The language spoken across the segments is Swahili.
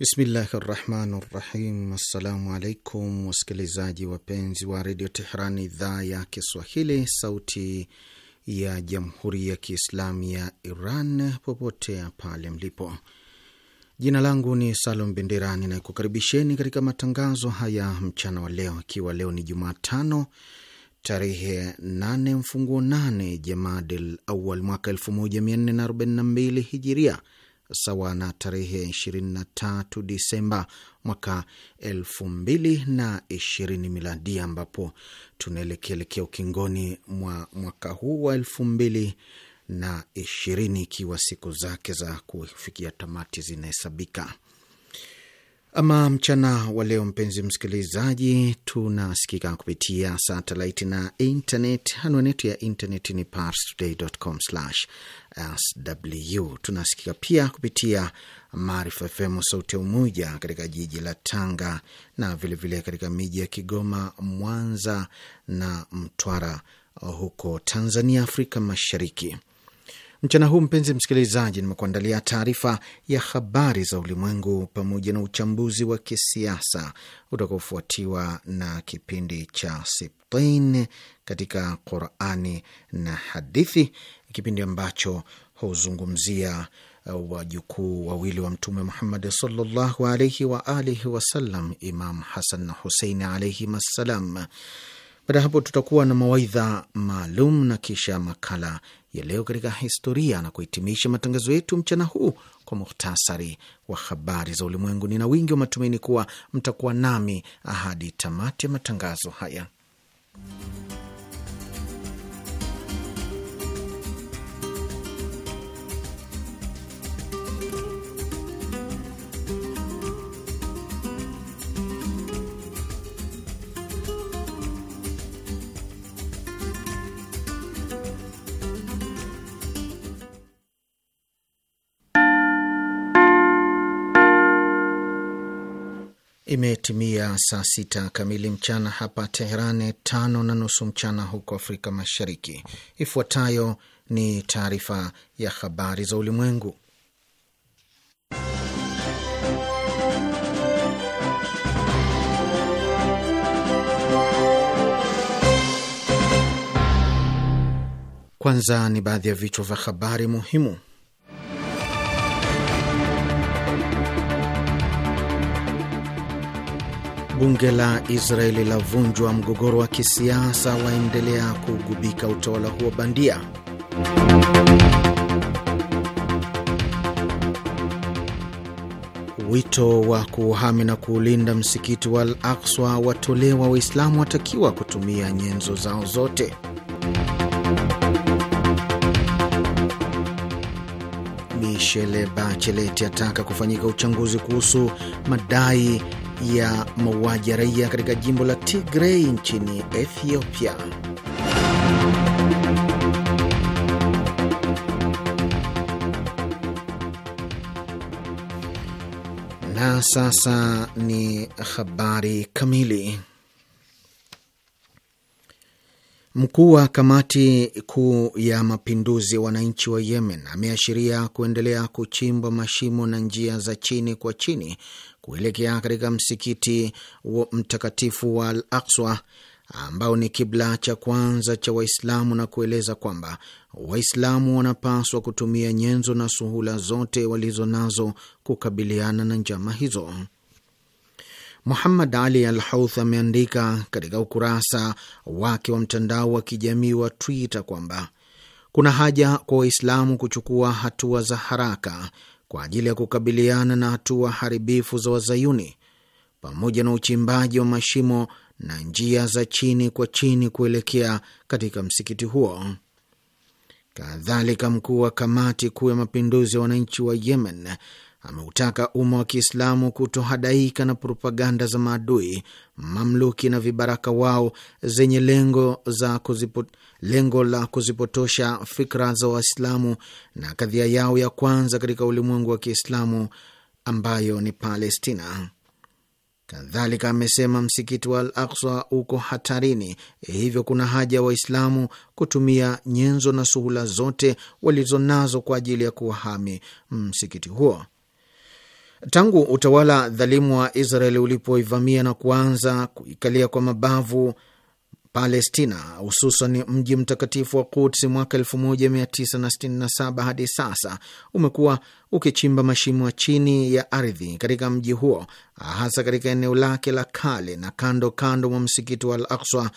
Bismillahi rahmani rahim. Assalamu alaikum wasikilizaji wapenzi wa redio Tehran, idhaa ya Kiswahili, sauti ya jamhuri ya Kiislamu ya Iran, popote pale mlipo. Jina langu ni Salum Bindirani na kukaribisheni katika matangazo haya mchana wa leo, ikiwa leo ni Jumatano tarehe 8 mfunguo 8 Jamadil Awal mwaka 1442 Hijiria sawa na tarehe 23 Disemba mwaka ishirini miladi, ambapo tunaelekeelekea ukingoni mwa mwaka huu wa na ishirini ikiwa siku zake za kufikia tamati zinahesabika. Ama mchana wa leo, mpenzi msikilizaji, tunasikika kupitia satelaiti na intanet. Anwani yetu ya intnet ni parstoday.com/sw. Tunasikika pia kupitia Maarifa FM sauti ya Umoja katika jiji la Tanga na vilevile vile katika miji ya Kigoma, Mwanza na Mtwara huko Tanzania, Afrika Mashariki. Mchana huu mpenzi msikilizaji, nimekuandalia taarifa ya habari za ulimwengu pamoja na uchambuzi wa kisiasa utakaofuatiwa na kipindi cha Sibtain katika Qurani na hadithi, kipindi ambacho huzungumzia uh, wajukuu wawili wa Mtume Muhammad sallallahu alaihi wa alihi wasallam, Imam Hasan na Husein alaihim assalam. Baada ya hapo, tutakuwa na mawaidha maalum na kisha makala ya leo katika historia na kuhitimisha matangazo yetu mchana huu kwa muhtasari wa habari za ulimwengu. Nina wingi wa matumaini kuwa mtakuwa nami ahadi tamati ya matangazo haya. Imetimia saa sita kamili mchana hapa Teherani, tano na nusu mchana huko Afrika Mashariki. Ifuatayo ni taarifa ya habari za ulimwengu, kwanza ni baadhi ya vichwa vya habari muhimu. Bunge la Israeli la vunjwa mgogoro wa kisiasa waendelea kugubika utawala huo bandia. Wito wa kuuhami na kuulinda msikiti wa Al Akswa watolewa, Waislamu watakiwa kutumia nyenzo zao zote. Michele Bachelet ataka kufanyika uchunguzi kuhusu madai ya mauaji ya raia katika jimbo la Tigrei nchini Ethiopia. Na sasa ni habari kamili. Mkuu wa kamati kuu ya mapinduzi ya wananchi wa Yemen ameashiria kuendelea kuchimbwa mashimo na njia za chini kwa chini kuelekea katika msikiti wa mtakatifu wa Al Akswa ambao ni kibla cha kwanza cha Waislamu na kueleza kwamba Waislamu wanapaswa kutumia nyenzo na suhula zote walizo nazo kukabiliana na njama hizo. Muhammad Ali Al Houth ameandika katika ukurasa wake wa mtandao wa kijamii wa Twitter kwamba kuna haja kwa Waislamu kuchukua hatua za haraka kwa ajili ya kukabiliana na hatua haribifu za Wazayuni pamoja na uchimbaji wa mashimo na njia za chini kwa chini kuelekea katika msikiti huo. Kadhalika, mkuu wa kamati kuu ya mapinduzi ya wananchi wa Yemen ameutaka umma wa Kiislamu kutohadaika na propaganda za maadui mamluki na vibaraka wao zenye lengo, za kuzipo, lengo la kuzipotosha fikra za Waislamu na kadhia yao ya kwanza katika ulimwengu wa Kiislamu ambayo ni Palestina. Kadhalika amesema msikiti wa Al Aksa uko hatarini, hivyo kuna haja ya wa Waislamu kutumia nyenzo na suhula zote walizonazo kwa ajili ya kuwahami msikiti huo. Tangu utawala dhalimu wa Israel ulipoivamia na kuanza kuikalia kwa mabavu Palestina, hususan mji mtakatifu wa Quds mwaka 1967 hadi sasa umekuwa ukichimba mashimo chini ya ardhi katika mji huo, hasa katika eneo lake la kale na kando kando mwa msikiti wa Al Akswa,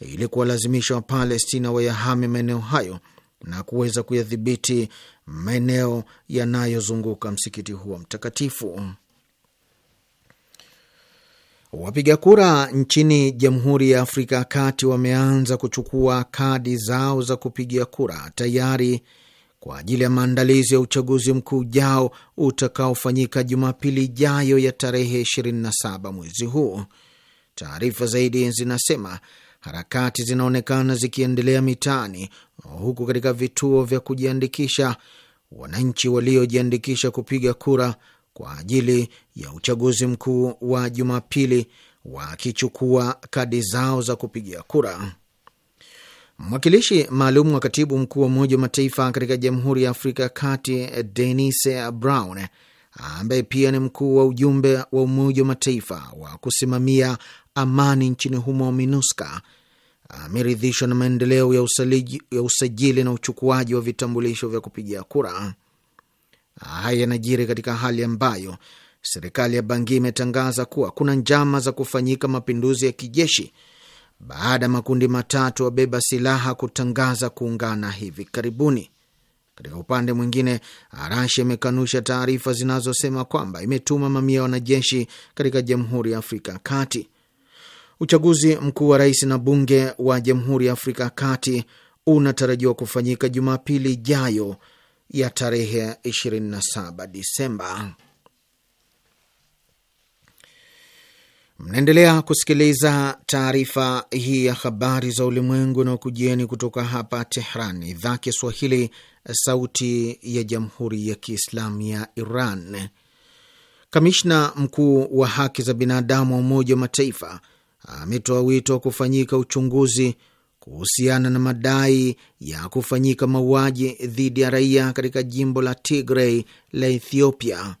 ili kuwalazimisha Wapalestina wayahame maeneo hayo na kuweza kuyadhibiti maeneo yanayozunguka msikiti huo mtakatifu. Wapiga kura nchini Jamhuri ya Afrika ya Kati wameanza kuchukua kadi zao za kupigia kura tayari kwa ajili ya maandalizi ya uchaguzi mkuu ujao utakaofanyika Jumapili ijayo ya tarehe 27 mwezi huu. Taarifa zaidi zinasema harakati zinaonekana zikiendelea mitaani, huku katika vituo vya kujiandikisha wananchi waliojiandikisha kupiga kura kwa ajili ya uchaguzi mkuu wa Jumapili wakichukua kadi zao za kupigia kura. Mwakilishi maalum wa katibu mkuu wa Umoja wa Mataifa katika Jamhuri ya Afrika ya Kati Denis Brown, ambaye pia ni mkuu wa ujumbe wa Umoja wa Mataifa wa kusimamia amani nchini humo MINUSCA ameridhishwa na maendeleo ya, ya usajili na uchukuaji wa vitambulisho vya kupigia kura. Haya yanajiri katika hali ambayo serikali ya Bangi imetangaza kuwa kuna njama za kufanyika mapinduzi ya kijeshi baada ya makundi matatu wabeba silaha kutangaza kuungana hivi karibuni. Katika upande mwingine, Rasia imekanusha taarifa zinazosema kwamba imetuma mamia ya wanajeshi katika Jamhuri ya Afrika ya Kati. Uchaguzi mkuu wa rais na bunge wa Jamhuri ya Afrika ya Kati unatarajiwa kufanyika Jumapili ijayo ya tarehe 27 Disemba. Mnaendelea kusikiliza taarifa hii ya habari za ulimwengu na ukujieni kutoka hapa Tehran, idhaa Kiswahili, sauti ya jamhuri ya kiislamu ya Iran. Kamishna mkuu wa haki za binadamu wa Umoja wa Mataifa ametoa wito wa kufanyika uchunguzi kuhusiana na madai ya kufanyika mauaji dhidi ya raia katika jimbo la Tigray la Ethiopia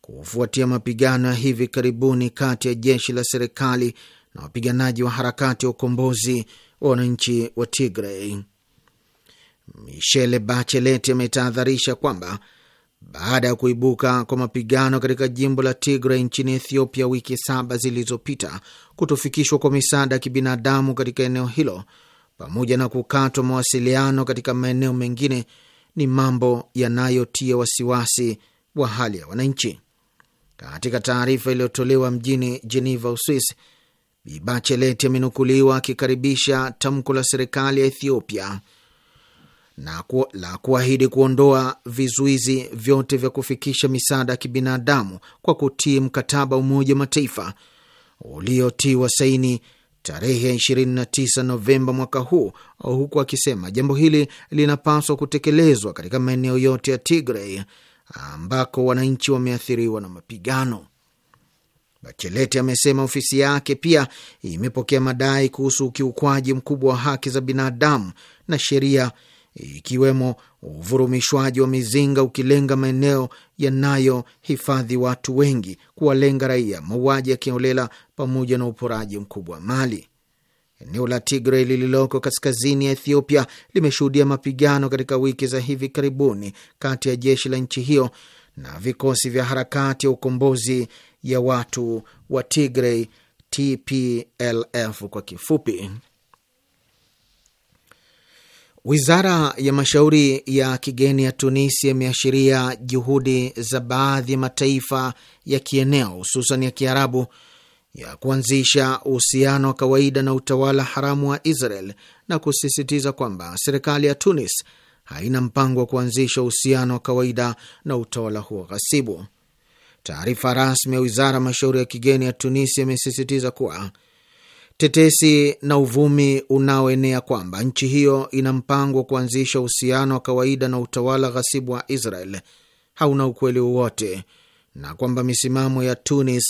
kufuatia mapigano ya hivi karibuni kati ya jeshi la serikali na wapiganaji wa harakati ya ukombozi wa wananchi wa Tigray. Michelle Bachelet ametahadharisha kwamba baada ya kuibuka kwa mapigano katika jimbo la Tigray nchini Ethiopia wiki saba zilizopita, kutofikishwa kwa misaada ya kibinadamu katika eneo hilo pamoja na kukatwa mawasiliano katika maeneo mengine ni mambo yanayotia wasiwasi wa hali ya wananchi. Katika taarifa iliyotolewa mjini Geneva, Uswisi, Bibachelet amenukuliwa akikaribisha tamko la serikali ya Ethiopia na ku, la kuahidi kuondoa vizuizi vyote vya kufikisha misaada ya kibinadamu kwa kutii mkataba wa Umoja wa Mataifa uliotiwa saini tarehe ya 29 Novemba mwaka huu, huku akisema jambo hili linapaswa kutekelezwa katika maeneo yote ya Tigray ambako wananchi wameathiriwa na mapigano. Bacheleti amesema ofisi yake pia imepokea madai kuhusu ukiukwaji mkubwa wa haki za binadamu na sheria ikiwemo uvurumishwaji wa mizinga ukilenga maeneo yanayohifadhi watu wengi, kuwalenga raia, mauaji ya pamoja na uporaji mkubwa wa mali. Eneo la Tigray lililoko kaskazini ya Ethiopia limeshuhudia mapigano katika wiki za hivi karibuni kati ya jeshi la nchi hiyo na vikosi vya harakati ya ukombozi ya watu wa Tigray TPLF kwa kifupi. Wizara ya mashauri ya kigeni ya Tunisia imeashiria juhudi za baadhi ya mataifa ya kieneo hususan ya Kiarabu ya kuanzisha uhusiano wa kawaida na utawala haramu wa Israel na kusisitiza kwamba serikali ya Tunis haina mpango wa kuanzisha uhusiano wa kawaida na utawala huo ghasibu. Taarifa rasmi ya wizara ya mashauri ya kigeni ya Tunisia imesisitiza kuwa tetesi na uvumi unaoenea kwamba nchi hiyo ina mpango wa kuanzisha uhusiano wa kawaida na utawala ghasibu wa Israel hauna ukweli wowote na kwamba misimamo ya Tunis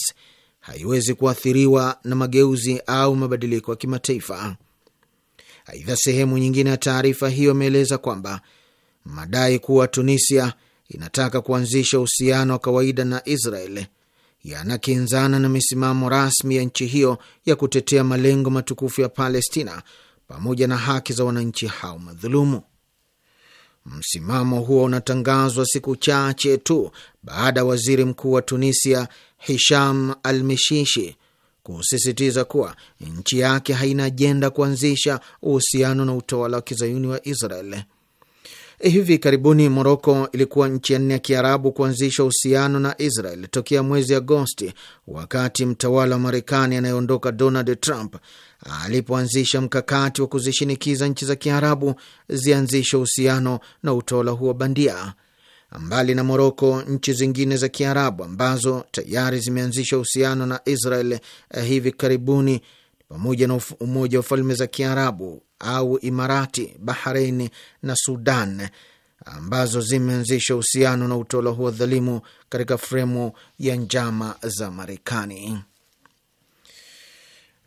haiwezi kuathiriwa na mageuzi au mabadiliko ya kimataifa. Aidha, sehemu nyingine ya taarifa hiyo imeeleza kwamba madai kuwa Tunisia inataka kuanzisha uhusiano wa kawaida na Israel yanakinzana na misimamo rasmi ya nchi hiyo ya kutetea malengo matukufu ya Palestina pamoja na haki za wananchi hao madhulumu. Msimamo huo unatangazwa siku chache tu baada ya waziri mkuu wa Tunisia Hisham Al-Mishishi kusisitiza kuwa nchi yake haina ajenda kuanzisha uhusiano na utawala wa kizayuni wa Israel. Eh, hivi karibuni Moroko ilikuwa nchi ya nne ya Kiarabu kuanzisha uhusiano na Israel tokea mwezi Agosti, wakati mtawala wa Marekani anayeondoka Donald Trump alipoanzisha mkakati wa kuzishinikiza nchi za Kiarabu zianzishe uhusiano na utawala huo bandia. Mbali na Moroko, nchi zingine za Kiarabu ambazo tayari zimeanzisha uhusiano na Israel eh, hivi karibuni pamoja na Umoja wa Falme za Kiarabu, au Imarati, Bahreini na Sudan ambazo zimeanzisha uhusiano na utawala huo dhalimu katika fremu ya njama za Marekani.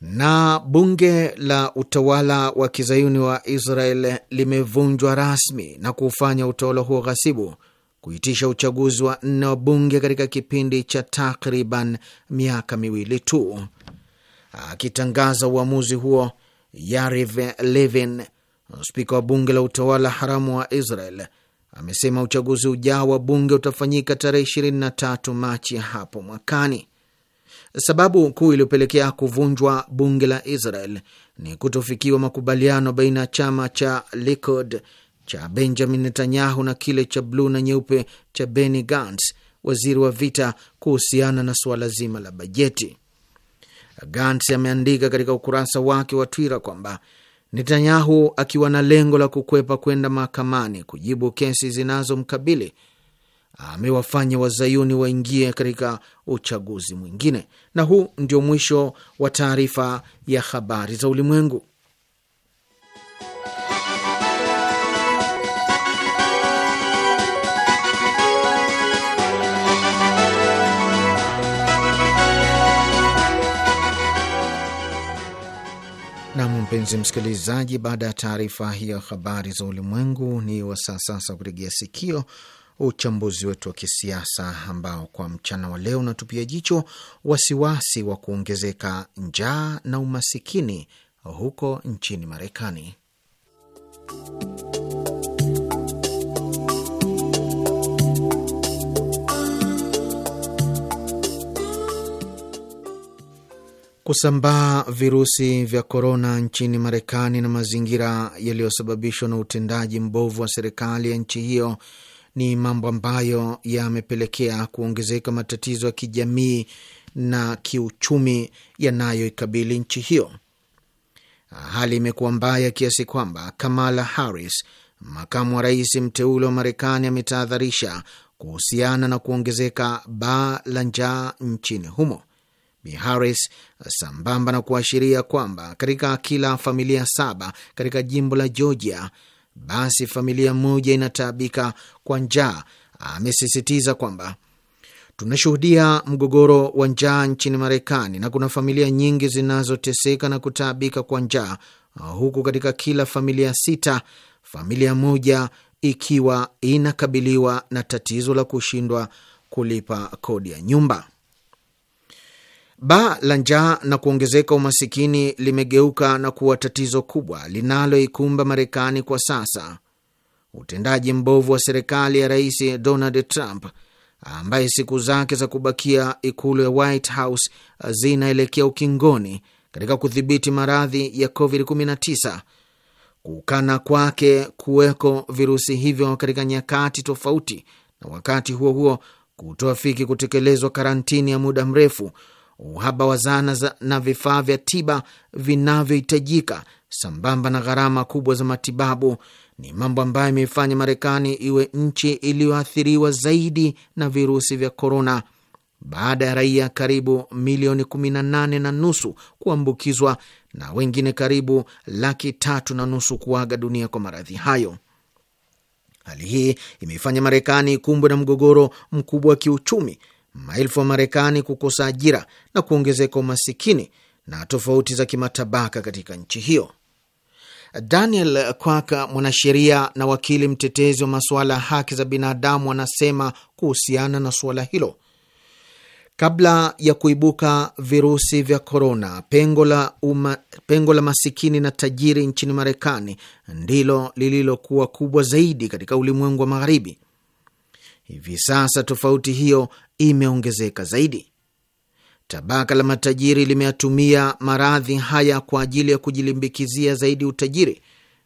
Na bunge la utawala wa kizayuni wa Israel limevunjwa rasmi na kuufanya utawala huo ghasibu kuitisha uchaguzi wa nne wa bunge katika kipindi cha takriban miaka miwili tu. Akitangaza uamuzi huo, Yariv Levin, spika wa bunge la utawala haramu wa Israel, amesema uchaguzi ujao wa bunge utafanyika tarehe 23 Machi hapo mwakani. Sababu kuu iliyopelekea kuvunjwa bunge la Israel ni kutofikiwa makubaliano baina ya chama cha Likud cha Benjamin Netanyahu na kile cha bluu na nyeupe cha Benny Gantz, waziri wa vita, kuhusiana na suala zima la bajeti. Gantz ameandika katika ukurasa wake wa Twitter kwamba Netanyahu akiwa na lengo la kukwepa kwenda mahakamani kujibu kesi zinazomkabili amewafanya wazayuni waingie katika uchaguzi mwingine. Na huu ndio mwisho wa taarifa ya habari za ulimwengu. Mpenzi msikilizaji, baada ya taarifa hiyo habari za ulimwengu, ni wasaa sasa kuregea sikio uchambuzi wetu wa kisiasa ambao kwa mchana wa leo unatupia jicho wasiwasi wa kuongezeka njaa na umasikini huko nchini Marekani. Kusambaa virusi vya korona nchini Marekani na mazingira yaliyosababishwa na utendaji mbovu wa serikali ya nchi hiyo ni mambo ambayo yamepelekea kuongezeka matatizo ya kijamii na kiuchumi yanayoikabili nchi hiyo. Hali imekuwa mbaya kiasi kwamba Kamala Harris, makamu wa rais mteule wa Marekani, ametahadharisha kuhusiana na kuongezeka baa la njaa nchini humo Bi Harris, sambamba na kuashiria kwamba katika kila familia saba katika jimbo la Georgia basi familia moja inataabika kwa njaa, amesisitiza kwamba tunashuhudia mgogoro wa njaa nchini Marekani na kuna familia nyingi zinazoteseka na kutaabika kwa njaa, huku katika kila familia sita familia moja ikiwa inakabiliwa na tatizo la kushindwa kulipa kodi ya nyumba. Baa la njaa na kuongezeka umasikini limegeuka na kuwa tatizo kubwa linaloikumba Marekani kwa sasa. Utendaji mbovu wa serikali ya Rais Donald Trump ambaye siku zake za kubakia ikulu ya White House zinaelekea ukingoni katika kudhibiti maradhi ya COVID-19, kukana kwake kuweko virusi hivyo katika nyakati tofauti, na wakati huo huo kutoafiki kutekelezwa karantini ya muda mrefu uhaba wa zana za na vifaa vya tiba vinavyohitajika sambamba na gharama kubwa za matibabu ni mambo ambayo imeifanya Marekani iwe nchi iliyoathiriwa zaidi na virusi vya korona baada ya raia karibu milioni 18 na nusu kuambukizwa na wengine karibu laki tatu na nusu kuaga dunia kwa maradhi hayo. Hali hii imeifanya Marekani ikumbwe na mgogoro mkubwa wa kiuchumi maelfu wa Marekani kukosa ajira na kuongezeka umasikini na tofauti za kimatabaka katika nchi hiyo. Daniel Kwaka, mwanasheria na wakili mtetezi wa masuala ya haki za binadamu, anasema kuhusiana na suala hilo, kabla ya kuibuka virusi vya korona, pengo la uma, pengo la masikini na tajiri nchini Marekani ndilo lililokuwa kubwa zaidi katika ulimwengu wa Magharibi. Hivi sasa tofauti hiyo imeongezeka zaidi. Tabaka la matajiri limeyatumia maradhi haya kwa ajili ya kujilimbikizia zaidi utajiri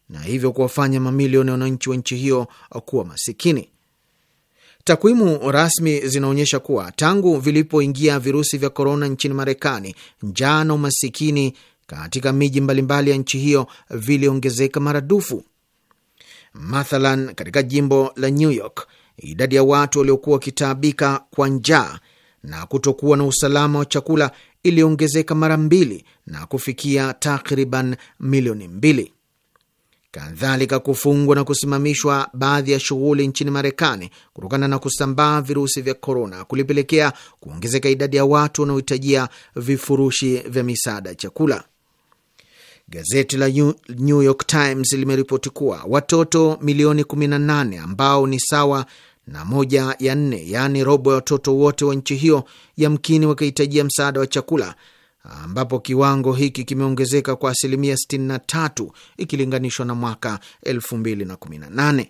na hivyo kuwafanya mamilioni ya wananchi wa nchi hiyo kuwa masikini. Takwimu rasmi zinaonyesha kuwa tangu vilipoingia virusi vya korona nchini Marekani, njaa na umasikini katika miji mbalimbali ya nchi hiyo viliongezeka maradufu. Mathalan, katika jimbo la New York idadi ya watu waliokuwa wakitaabika kwa njaa na kutokuwa na usalama wa chakula iliongezeka mara mbili na kufikia takriban milioni mbili. Kadhalika, kufungwa na kusimamishwa baadhi ya shughuli nchini Marekani kutokana na kusambaa virusi vya korona kulipelekea kuongezeka idadi ya watu wanaohitajia vifurushi vya misaada ya chakula. Gazeti la New York Times limeripoti kuwa watoto milioni 18 ambao ni sawa na moja ya nne, yaani robo ya watoto wote wa nchi hiyo, yamkini wakihitajia msaada wa chakula, ambapo kiwango hiki kimeongezeka kwa asilimia 63 ikilinganishwa na mwaka 2018.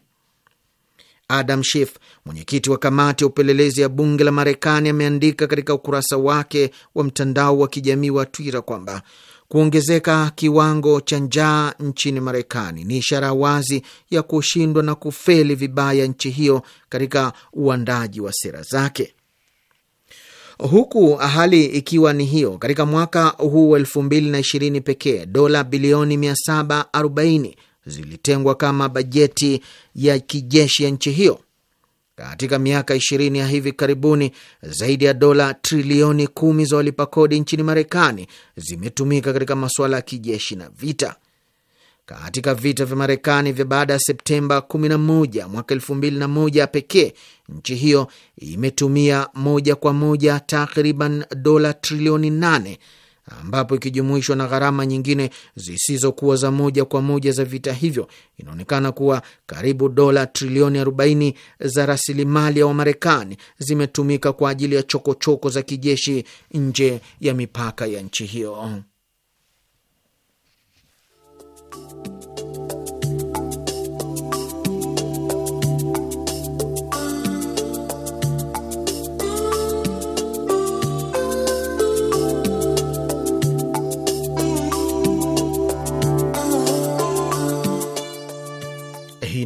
Adam Schiff, mwenyekiti wa kamati ya upelelezi ya bunge la Marekani, ameandika katika ukurasa wake wa mtandao wa kijamii wa Twitter kwamba Kuongezeka kiwango cha njaa nchini Marekani ni ishara wazi ya kushindwa na kufeli vibaya nchi hiyo katika uandaji wa sera zake. Huku hali ikiwa ni hiyo, katika mwaka huu 2020 pekee dola bilioni 740 zilitengwa kama bajeti ya kijeshi ya nchi hiyo katika miaka ishirini ya hivi karibuni, zaidi ya dola trilioni kumi za walipa kodi nchini Marekani zimetumika katika masuala ya kijeshi na vita. Katika vita vya Marekani vya baada ya Septemba 11 mwaka 2001 pekee, nchi hiyo imetumia moja kwa moja takriban dola trilioni 8 ambapo ikijumuishwa na gharama nyingine zisizokuwa za moja kwa moja za vita hivyo inaonekana kuwa karibu dola trilioni 40 za rasilimali ya Wamarekani zimetumika kwa ajili ya chokochoko choko za kijeshi nje ya mipaka ya nchi hiyo.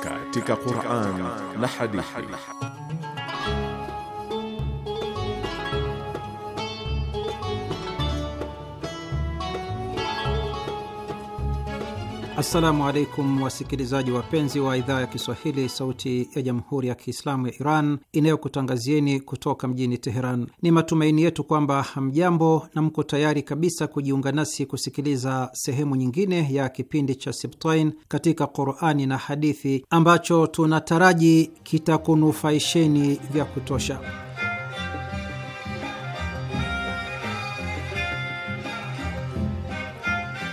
katika Qur'an na hadithi. Assalamu alaikum wasikilizaji wapenzi wa idhaa ya Kiswahili, sauti ya jamhuri ya kiislamu ya Iran inayokutangazieni kutoka mjini Teheran. Ni matumaini yetu kwamba hamjambo na mko tayari kabisa kujiunga nasi kusikiliza sehemu nyingine ya kipindi cha Sibtain katika Qurani na hadithi ambacho tunataraji kitakunufaisheni vya kutosha.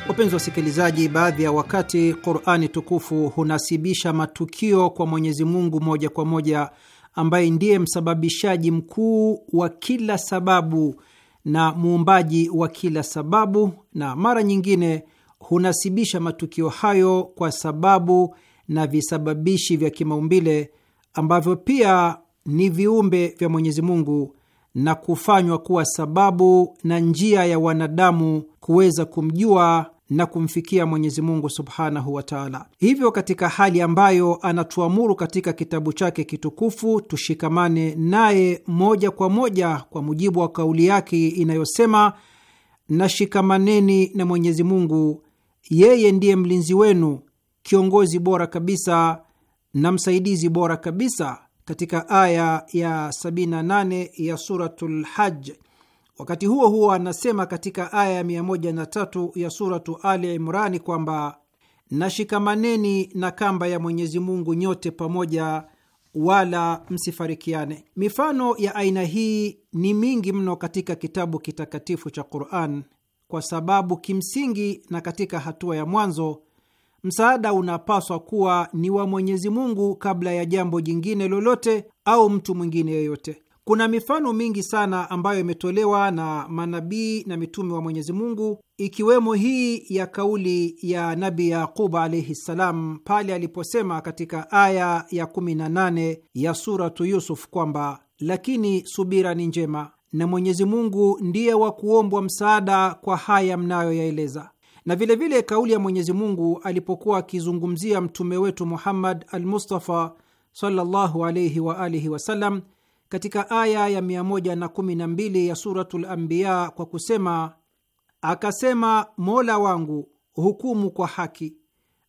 Wapenzi wasikilizaji, baadhi ya wakati Qurani tukufu hunasibisha matukio kwa Mwenyezi Mungu moja kwa moja, ambaye ndiye msababishaji mkuu wa kila sababu na muumbaji wa kila sababu, na mara nyingine hunasibisha matukio hayo kwa sababu na visababishi vya kimaumbile ambavyo pia ni viumbe vya Mwenyezi Mungu na kufanywa kuwa sababu na njia ya wanadamu kuweza kumjua na kumfikia Mwenyezi Mungu subhanahu wa taala. Hivyo, katika hali ambayo anatuamuru katika kitabu chake kitukufu tushikamane naye moja kwa moja kwa mujibu wa kauli yake inayosema, nashikamaneni na Mwenyezi Mungu, yeye ndiye mlinzi wenu, kiongozi bora kabisa na msaidizi bora kabisa, katika aya ya 78 ya Suratul Hajj Wakati huo huo, anasema katika aya ya 103 ya suratu Ali Imrani kwamba nashikamaneni na kamba ya Mwenyezi Mungu nyote pamoja, wala msifarikiane. Mifano ya aina hii ni mingi mno katika kitabu kitakatifu cha Quran, kwa sababu kimsingi na katika hatua ya mwanzo msaada unapaswa kuwa ni wa Mwenyezi Mungu kabla ya jambo jingine lolote au mtu mwingine yeyote. Kuna mifano mingi sana ambayo imetolewa na manabii na mitume wa Mwenyezi Mungu, ikiwemo hii ya kauli ya Nabi Yaqub alaihi ssalam pale aliposema katika aya ya 18 ya Suratu Yusuf kwamba lakini subira ni njema na Mwenyezi Mungu ndiye wa kuombwa msaada kwa haya mnayoyaeleza. Na vilevile vile kauli ya Mwenyezi Mungu alipokuwa akizungumzia mtume wetu Muhammad al Mustafa sallallahu alaihi waalihi wasalam katika aya ya 112 ya Suratul Anbiya kwa kusema, akasema Mola wangu hukumu kwa haki,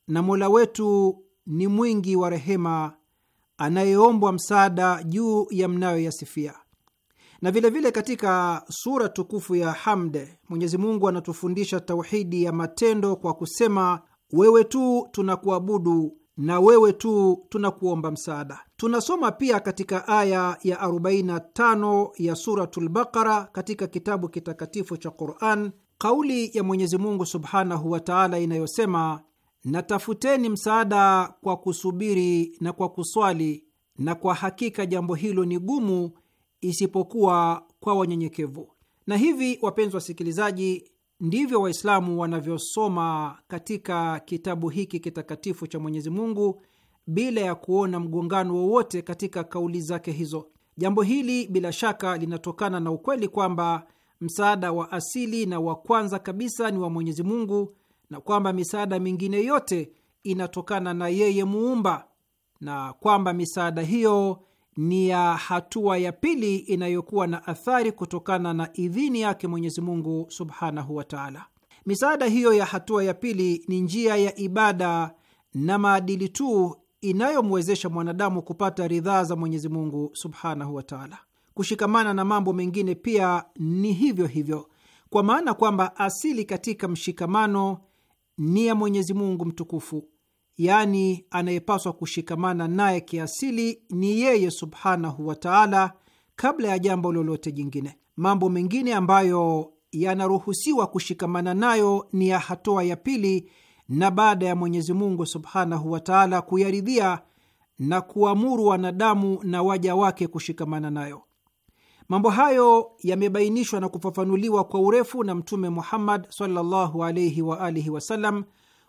na Mola wetu ni mwingi wa rehema, anayeombwa msaada juu ya mnayoyasifia. Na vilevile vile katika sura tukufu ya Hamde, Mwenyezi Mungu anatufundisha tauhidi ya matendo kwa kusema, wewe tu tunakuabudu na wewe tu tunakuomba msaada. Tunasoma pia katika aya ya 45 ya Suratul Baqara katika kitabu kitakatifu cha Quran kauli ya Mwenyezi Mungu subhanahu wa taala inayosema, natafuteni msaada kwa kusubiri na kwa kuswali, na kwa hakika jambo hilo ni gumu isipokuwa kwa wanyenyekevu. Na hivi, wapenzi wasikilizaji Ndivyo Waislamu wanavyosoma katika kitabu hiki kitakatifu cha Mwenyezi Mungu bila ya kuona mgongano wowote katika kauli zake hizo. Jambo hili bila shaka linatokana na ukweli kwamba msaada wa asili na wa kwanza kabisa ni wa Mwenyezi Mungu na kwamba misaada mingine yote inatokana na yeye Muumba na kwamba misaada hiyo ni ya hatua ya pili inayokuwa na athari kutokana na idhini yake Mwenyezi Mungu subhanahu wa taala. Misaada hiyo ya hatua ya pili ni njia ya ibada na maadili tu inayomwezesha mwanadamu kupata ridhaa za Mwenyezi Mungu subhanahu wa taala. Kushikamana na mambo mengine pia ni hivyo hivyo, kwa maana kwamba asili katika mshikamano ni ya Mwenyezi Mungu mtukufu yaani anayepaswa kushikamana naye kiasili ni yeye subhanahu wa taala, kabla ya jambo lolote jingine. Mambo mengine ambayo yanaruhusiwa kushikamana nayo ni ya hatua ya pili na baada ya Mwenyezi Mungu subhanahu wa taala kuyaridhia na kuamuru wanadamu na waja wake kushikamana nayo. Mambo hayo yamebainishwa na kufafanuliwa kwa urefu na Mtume Muhammad sallallahu alaihi wa alihi wasallam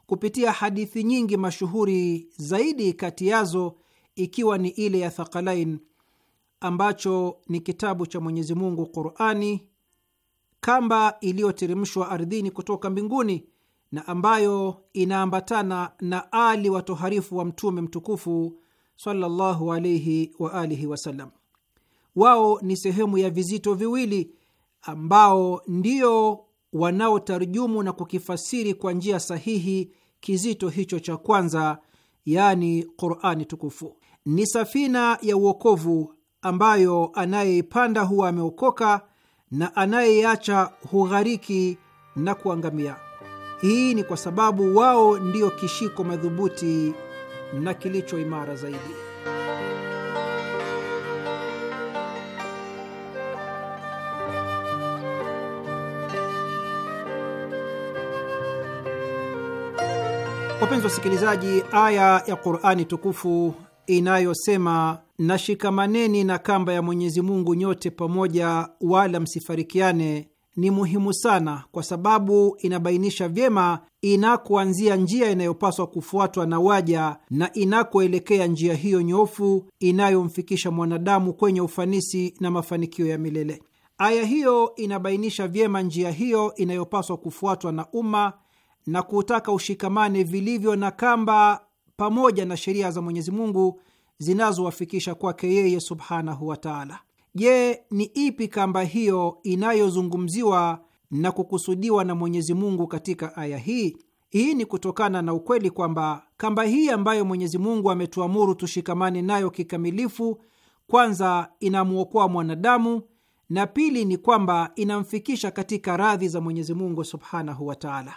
kupitia hadithi nyingi mashuhuri zaidi kati yazo ikiwa ni ile ya Thaqalain ambacho ni kitabu cha Mwenyezi Mungu Qurani, kamba iliyoteremshwa ardhini kutoka mbinguni na ambayo inaambatana na ali watoharifu wa mtume mtukufu sallallahu wa alihi wasallam. Wao ni sehemu ya vizito viwili ambao ndio wanaotarjumu na kukifasiri kwa njia sahihi kizito hicho cha kwanza, yaani Qurani Tukufu. Ni safina ya uokovu ambayo anayeipanda huwa ameokoka na anayeiacha hughariki na kuangamia. Hii ni kwa sababu wao ndio kishiko madhubuti na kilicho imara zaidi. Wapenzi wasikilizaji, aya ya Qur'ani tukufu inayosema nashikamaneni na kamba ya Mwenyezi Mungu nyote pamoja, wala msifarikiane, ni muhimu sana kwa sababu inabainisha vyema inakoanzia njia inayopaswa kufuatwa na waja na inakoelekea njia hiyo nyofu inayomfikisha mwanadamu kwenye ufanisi na mafanikio ya milele. Aya hiyo inabainisha vyema njia hiyo inayopaswa kufuatwa na umma na kuutaka ushikamane vilivyo na kamba pamoja na sheria za Mwenyezi Mungu zinazowafikisha kwake yeye subhanahu wa taala. Je, ni ipi kamba hiyo inayozungumziwa na kukusudiwa na Mwenyezi Mungu katika aya hii? Hii ni kutokana na ukweli kwamba kamba hii ambayo Mwenyezi Mungu ametuamuru tushikamane nayo kikamilifu, kwanza inamwokoa mwanadamu na pili ni kwamba inamfikisha katika radhi za Mwenyezi Mungu subhanahu wa taala.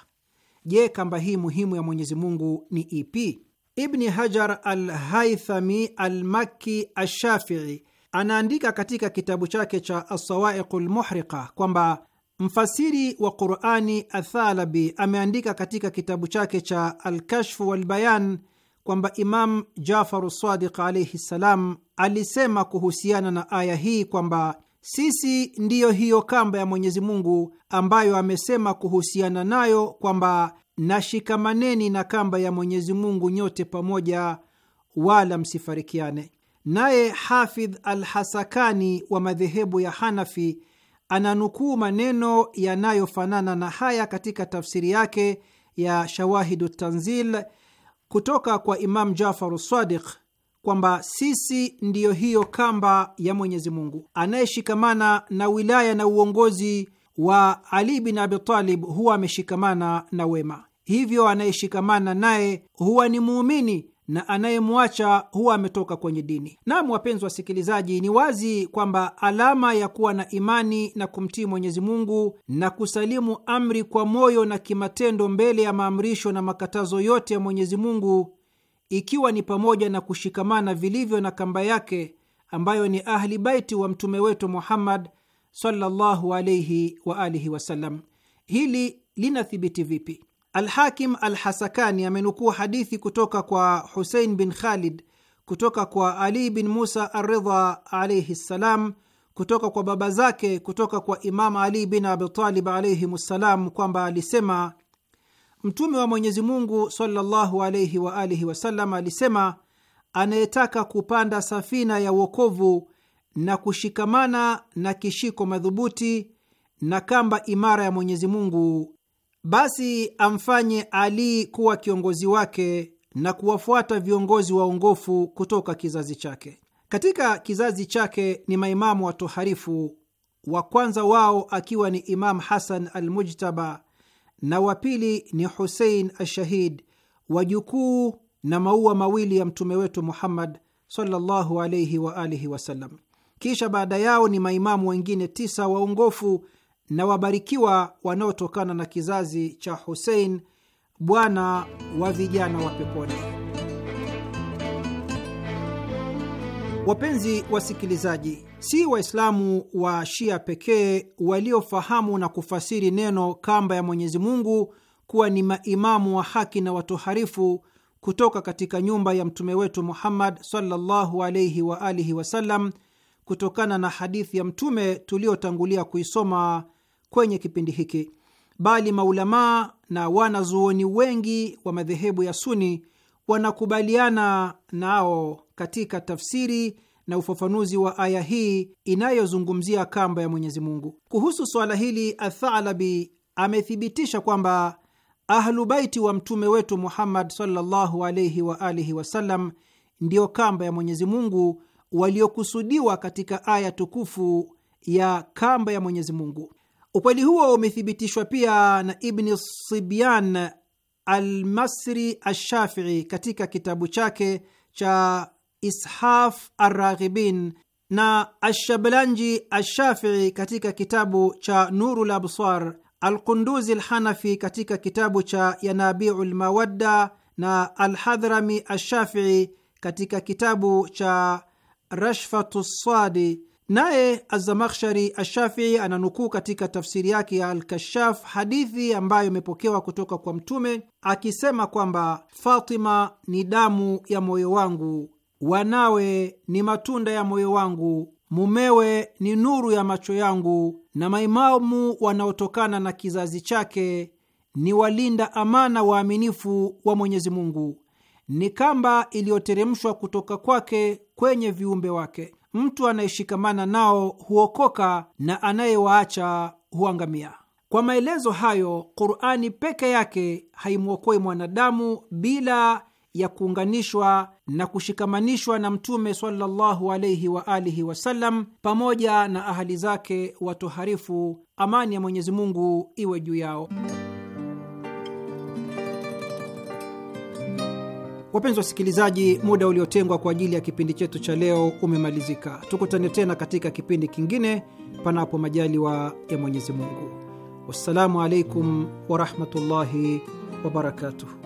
Je, kamba hii muhimu ya Mwenyezi Mungu ni ipi? Ibni Hajar al Haithami al Makki Ashafii anaandika katika kitabu chake cha Assawaiqu lmuhriqa kwamba mfasiri wa Qurani Athalabi ameandika katika kitabu chake cha Alkashfu walbayan kwamba Imam Jafaru Sadiq alaihi ssalam alisema kuhusiana na aya hii kwamba sisi ndiyo hiyo kamba ya Mwenyezi Mungu ambayo amesema kuhusiana nayo kwamba, nashikamaneni na kamba ya Mwenyezi Mungu nyote pamoja, wala msifarikiane. Naye Hafidh Al-Hasakani wa madhehebu ya Hanafi ananukuu maneno yanayofanana na haya katika tafsiri yake ya Shawahidu Tanzil kutoka kwa Imam Jafaru Sadiq kwamba sisi ndiyo hiyo kamba ya Mwenyezi Mungu. Anayeshikamana na wilaya na uongozi wa Ali bin Abi Talib huwa ameshikamana na wema, hivyo anayeshikamana naye huwa ni muumini na anayemwacha huwa ametoka kwenye dini. Naam, wapenzi wasikilizaji, ni wazi kwamba alama ya kuwa na imani na kumtii Mwenyezi Mungu na kusalimu amri kwa moyo na kimatendo mbele ya maamrisho na makatazo yote ya Mwenyezi Mungu ikiwa ni pamoja na kushikamana vilivyo na kamba yake ambayo ni Ahli Baiti wa mtume wetu Muhammad sallallahu alaihi wa alihi wasallam. Hili linathibiti vipi? Alhakim Alhasakani amenukuu hadithi kutoka kwa Husein bin Khalid kutoka kwa Ali bin Musa Arridha alaihi ssalam kutoka kwa baba zake kutoka kwa Imam Ali bin Abitalib alaihim ssalam kwamba alisema Mtume wa Mwenyezi Mungu sallallahu alaihi wa alihi wasallam alisema, anayetaka kupanda safina ya uokovu na kushikamana na kishiko madhubuti na kamba imara ya Mwenyezi Mungu, basi amfanye Ali kuwa kiongozi wake na kuwafuata viongozi waongofu kutoka kizazi chake. Katika kizazi chake ni maimamu watoharifu, wa kwanza wao akiwa ni Imam Hasan Almujtaba na wa pili ni Husein Ashahid, wajukuu na maua mawili ya mtume wetu Muhammad sallallahu alaihi wa alihi wasallam. Kisha baada yao ni maimamu wengine tisa waongofu na wabarikiwa wanaotokana na kizazi cha Husein, bwana wa vijana wa peponi. Wapenzi wasikilizaji Si Waislamu wa Shia pekee waliofahamu na kufasiri neno kamba ya Mwenyezi Mungu kuwa ni maimamu wa haki na watoharifu kutoka katika nyumba ya mtume wetu Muhammad sallallahu wa alihi wasallam, kutokana na hadithi ya mtume tuliyotangulia kuisoma kwenye kipindi hiki, bali maulamaa na wanazuoni wengi wa madhehebu ya Suni wanakubaliana nao katika tafsiri na ufafanuzi wa aya hii inayozungumzia kamba ya Mwenyezi Mungu. Kuhusu suala hili, Athalabi amethibitisha kwamba ahlubaiti wa mtume wetu Muhammad sallallahu alayhi wa alihi wasallam ndiyo kamba ya Mwenyezi Mungu waliokusudiwa katika aya tukufu ya kamba ya Mwenyezi Mungu. Ukweli huo umethibitishwa pia na Ibni Sibyan Almasri Ashafii katika kitabu chake cha Ishaf Arraghibin na Ashablanji Ashafii katika kitabu cha Nurul Absar, Alqunduzi Lhanafi katika kitabu cha Yanabiu Lmawadda na Alhadhrami Ashafii katika kitabu cha Rashfatu Ssadi. Naye Azamakhshari Ashafii ananukuu katika tafsiri yake ya Alkashaf hadithi ambayo imepokewa kutoka kwa Mtume akisema kwamba Fatima ni damu ya moyo wangu wanawe ni matunda ya moyo wangu, mumewe ni nuru ya macho yangu, na maimamu wanaotokana na kizazi chake ni walinda amana waaminifu wa Mwenyezi Mungu, ni kamba iliyoteremshwa kutoka kwake kwenye viumbe wake. Mtu anayeshikamana nao huokoka na anayewaacha huangamia. Kwa maelezo hayo, Qur'ani peke yake haimwokoi mwanadamu bila ya kuunganishwa na kushikamanishwa na Mtume sallallahu alaihi wa alihi wasallam pamoja na ahali zake watoharifu, amani ya Mwenyezi Mungu iwe juu yao. Wapenzi wasikilizaji, muda uliotengwa kwa ajili ya kipindi chetu cha leo umemalizika. Tukutane tena katika kipindi kingine, panapo majaliwa ya Mwenyezi Mungu. Wassalamu alaikum warahmatullahi wabarakatuh.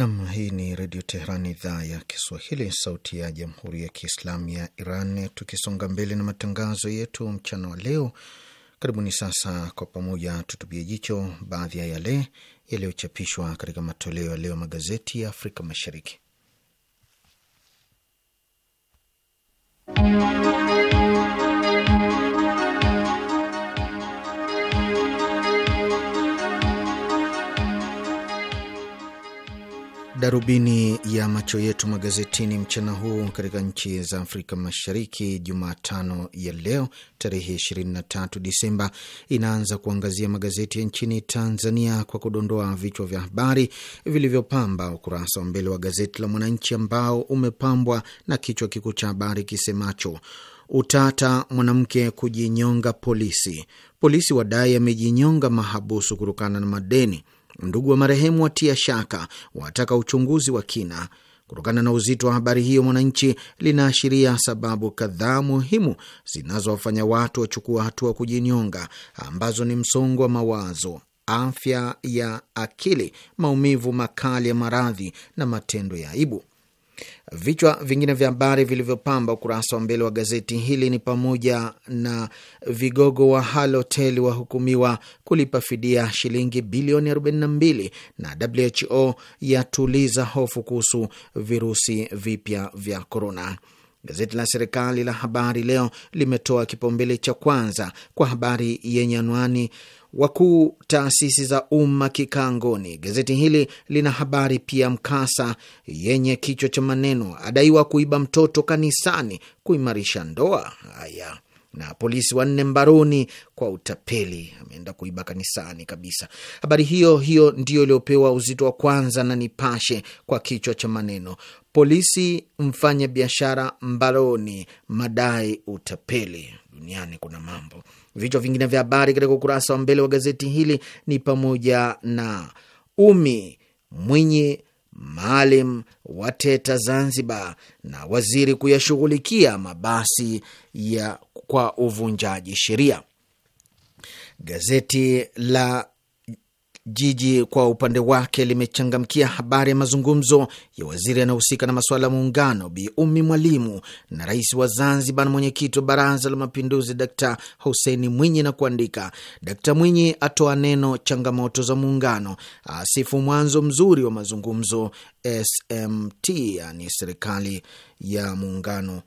Nam, hii ni Redio Teheran, idhaa ya Kiswahili, sauti ya Jamhuri ya Kiislamu ya Iran. Tukisonga mbele na matangazo yetu mchana wa leo, karibuni sasa kwa pamoja tutupie jicho baadhi ya yale yaliyochapishwa katika matoleo ya leo magazeti ya Afrika Mashariki. Darubini ya macho yetu magazetini mchana huu katika nchi za Afrika Mashariki, Jumatano ya leo tarehe 23 Disemba, inaanza kuangazia magazeti ya nchini Tanzania kwa kudondoa vichwa vya habari vilivyopamba ukurasa wa mbele wa gazeti la Mwananchi ambao umepambwa na kichwa kikuu cha habari kisemacho utata mwanamke kujinyonga polisi, polisi wadai amejinyonga mahabusu kutokana na madeni Ndugu wa marehemu watia shaka, wataka uchunguzi wa kina. Kutokana na uzito wa habari hiyo, Mwananchi linaashiria sababu kadhaa muhimu zinazowafanya watu wachukua hatua kujinyonga, ambazo ni msongo wa mawazo, afya ya akili, maumivu makali ya maradhi na matendo ya aibu. Vichwa vingine vya habari vilivyopamba ukurasa wa mbele wa gazeti hili ni pamoja na vigogo wa Halotel wahukumiwa kulipa fidia shilingi bilioni 42 na WHO yatuliza hofu kuhusu virusi vipya vya korona. Gazeti la serikali la Habari Leo limetoa kipaumbele cha kwanza kwa habari yenye anwani wakuu taasisi za umma kikangoni. Gazeti hili lina habari pia mkasa yenye kichwa cha maneno adaiwa kuiba mtoto kanisani kuimarisha ndoa. Haya, na polisi wanne mbaroni kwa utapeli. Ameenda kuiba kanisani kabisa. Habari hiyo hiyo ndiyo iliyopewa uzito wa kwanza na Nipashe kwa kichwa cha maneno polisi mfanya biashara mbaroni madai utapeli duniani kuna mambo. Vichwa vingine vya habari katika ukurasa wa mbele wa gazeti hili ni pamoja na Umi Mwinyi, Maalim wateta Zanzibar na waziri kuyashughulikia mabasi ya kwa uvunjaji sheria. Gazeti la Jiji kwa upande wake limechangamkia habari ya mazungumzo ya waziri anayehusika na masuala ya muungano Bi Umi Mwalimu na rais wa Zanzibar na mwenyekiti wa Baraza la Mapinduzi Dkt Huseini Mwinyi na kuandika, Dkt Mwinyi atoa neno changamoto za muungano, asifu mwanzo mzuri wa mazungumzo SMT, yani serikali ya muungano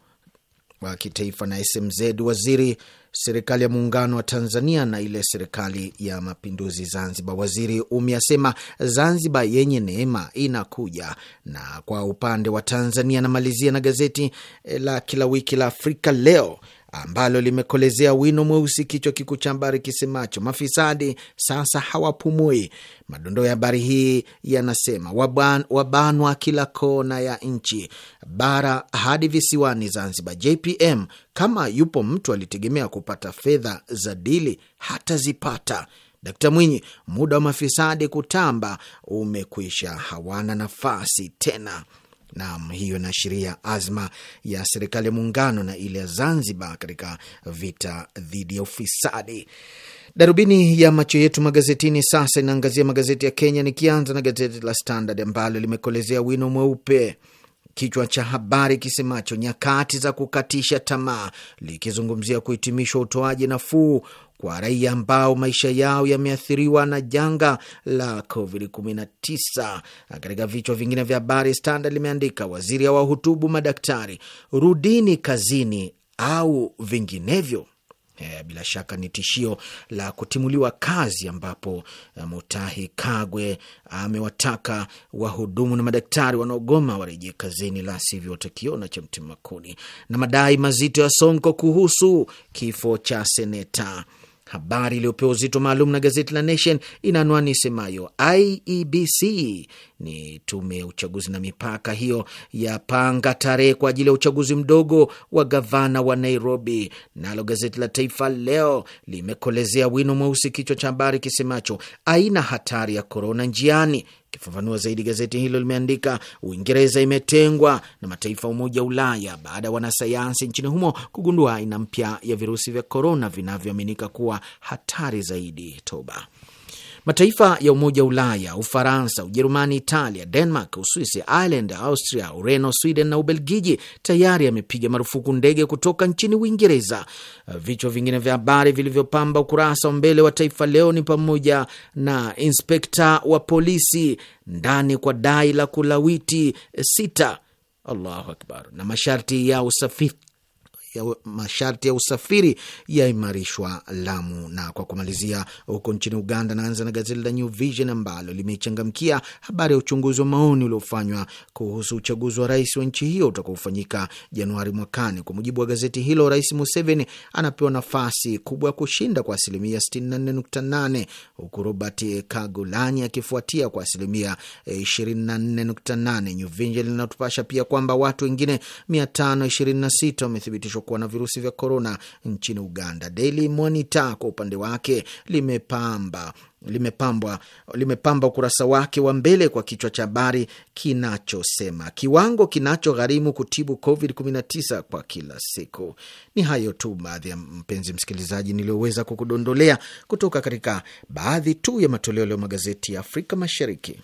wa kitaifa na SMZ. Waziri serikali ya muungano wa Tanzania na ile serikali ya mapinduzi Zanzibar. Waziri Umi asema Zanzibar yenye neema inakuja. Na kwa upande wa Tanzania, namalizia na gazeti eh, la kila wiki la Afrika Leo ambalo limekolezea wino mweusi kichwa kikuu cha habari kisemacho mafisadi sasa hawapumui. Madondoo ya habari hii yanasema waban, wabanwa kila kona ya nchi bara hadi visiwani Zanzibar. JPM kama yupo mtu alitegemea kupata fedha za dili hatazipata. Dkt Mwinyi, muda wa mafisadi kutamba umekwisha, hawana nafasi tena. Naam, hiyo inaashiria azma ya serikali ya muungano na ile ya Zanzibar katika vita dhidi ya ufisadi. Darubini ya macho yetu magazetini sasa inaangazia magazeti ya Kenya, nikianza na gazeti la Standard ambalo limekolezea wino mweupe kichwa cha habari kisemacho nyakati za kukatisha tamaa, likizungumzia kuhitimishwa utoaji nafuu kwa raia ambao maisha yao yameathiriwa na janga la COVID-19. Katika vichwa vingine vya habari, Standard limeandika waziri awahutubu madaktari, rudini kazini au vinginevyo. E, bila shaka ni tishio la kutimuliwa kazi, ambapo e, Mutahi Kagwe amewataka wahudumu na madaktari wanaogoma warejee kazini, la sivyo watakiona cha mtimakuni. Na madai mazito ya Sonko kuhusu kifo cha seneta Habari iliyopewa uzito maalum na gazeti la Nation ina anwani isemayo IEBC ni tume ya uchaguzi na mipaka hiyo ya panga tarehe kwa ajili ya uchaguzi mdogo wa gavana wa Nairobi. Nalo gazeti la Taifa Leo limekolezea wino mweusi kichwa cha habari kisemacho aina hatari ya korona njiani kifafanua zaidi gazeti hilo limeandika, Uingereza imetengwa na mataifa ya Umoja wa Ulaya baada ya wanasayansi nchini humo kugundua aina mpya ya virusi vya korona vinavyoaminika kuwa hatari zaidi. Toba Mataifa ya Umoja wa Ulaya, Ufaransa, Ujerumani, Italia, Denmark, Uswisi, Ireland, Austria, Ureno, Sweden na Ubelgiji tayari yamepiga marufuku ndege kutoka nchini Uingereza. Vichwa vingine vya habari vilivyopamba ukurasa wa mbele wa Taifa Leo ni pamoja na inspekta wa polisi ndani kwa dai la kulawiti sita, Allahu akbar, na masharti ya usafiri ya masharti ya usafiri yaimarishwa Lamu. Na kwa kumalizia, huko nchini Uganda, naanza na gazeti la New Vision ambalo limechangamkia habari ya uchunguzi wa maoni uliofanywa kuhusu uchaguzi wa rais wa nchi hiyo utakaofanyika Januari mwakani. Kwa mujibu wa gazeti hilo, Rais Museveni anapewa nafasi kubwa ya kushinda kwa asilimia 64.8 huku Robert Kagulani akifuatia kwa asilimia 24.8. New Vision linatupasha pia kwamba watu wengine 526 wamethibitishwa kuwa na virusi vya korona nchini Uganda. Daily Monitor kwa upande wake limepamba limepambwa limepamba ukurasa wake wa mbele kwa kichwa cha habari kinachosema kiwango kinachogharimu kutibu COVID-19 kwa kila siku. Ni hayo tu baadhi ya mpenzi msikilizaji, niliyoweza kukudondolea kutoka katika baadhi tu ya matoleo leo magazeti ya Afrika Mashariki.